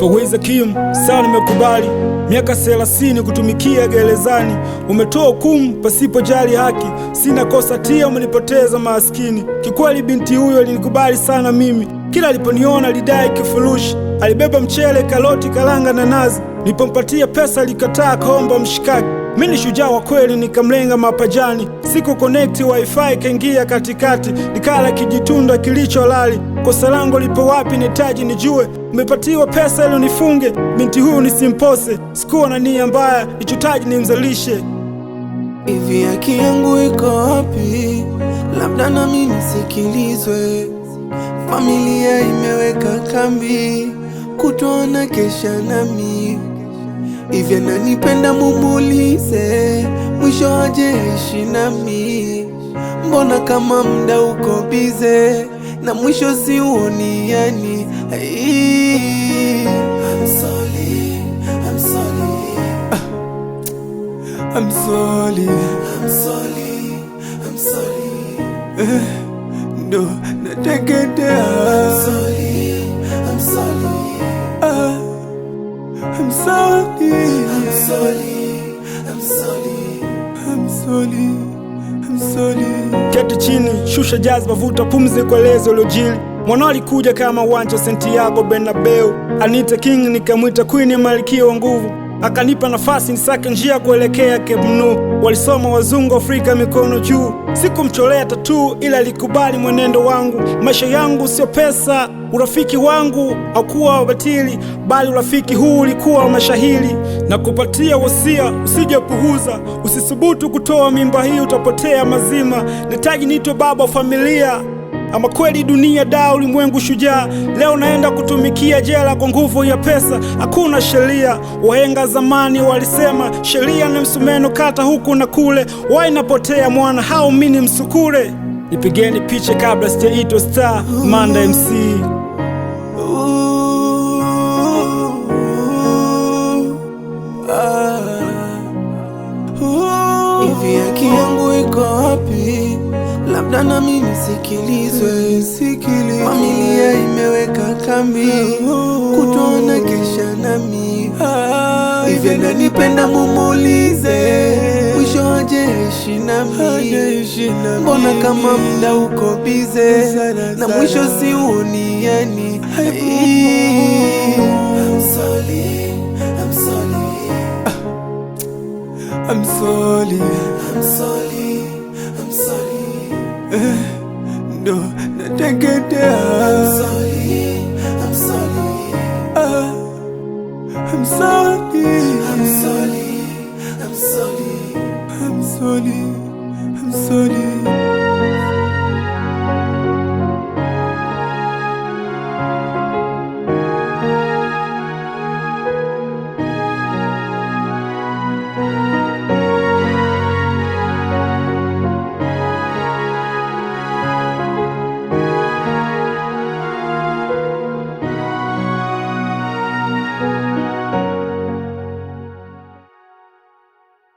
Fawiz Hakim sana, umekubali miaka thelathini kutumikia gerezani. Umetoa hukumu pasipo jali haki, sina kosa tia, umenipoteza maskini. Kikweli binti huyo alinikubali sana mimi, kila aliponiona lidai kifurushi, alibeba mchele, karoti, karanga na nazi. Nilipompatia pesa alikataa, kaomba mshikaki mi ni shujaa wa kweli, nikamlenga mapajani, siku connect wifi kaingia katikati, nikala kijitunda kilicho lali. Kosa langu lipo wapi? Nitaji nijue. Umepatiwa pesa ili nifunge binti huyu nisimpose, sikuwa na nia mbaya, nichotaji nimzalishe. Hivi haki yangu iko wapi? Labda nami nisikilizwe. Familia imeweka kambi, kutoona kesha nami Hivyo nanipenda mumulize mwisho aje na nami. Mbona kama mda uko bize na mwisho siuoni yani ah, I'm sorry. I'm sorry. I'm sorry. Eh, nateketea. Keti chini, shusha jazba, vuta pumzi kwa lezo lojili. Mwanao alikuja kama uwanja Santiago Bernabeu, anita king nikamwita queen, malkia wa nguvu akanipa nafasi nisake njia ya kuelekea Cape Nou. Walisoma wazungu Afrika mikono juu, sikumcholea tatuu, ila alikubali mwenendo wangu. Maisha yangu sio pesa, urafiki wangu hakuwa wabatili, bali urafiki huu ulikuwa wa mashahili. Na kupatia wosia, usijepuhuza usisubutu kutoa mimba, hii utapotea mazima. nataji nitwe baba wa familia. Ama kweli dunia daa, ulimwengu shujaa, leo naenda kutumikia jela kwa nguvu ya pesa. Hakuna sheria, wahenga zamani walisema sheria ni msumeno, kata huku na kule, wai napotea mwana hao, mini msukule. Nipigeni picha kabla sijaitwa star. Manda MC Hivi haki yangu iko wapi? labda na mimi sikilizwe, Familia imeweka kambi kutoona kesha nami hivyo nipenda mumuulize mwisho hajeishi nami, mbona kama mda uko bize na mwisho yani I'm sorry. I'm sorry. Ah, ndo nateketea. Ah, I'm sorry. I'm sorry, I'm sorry. I'm sorry, I'm sorry.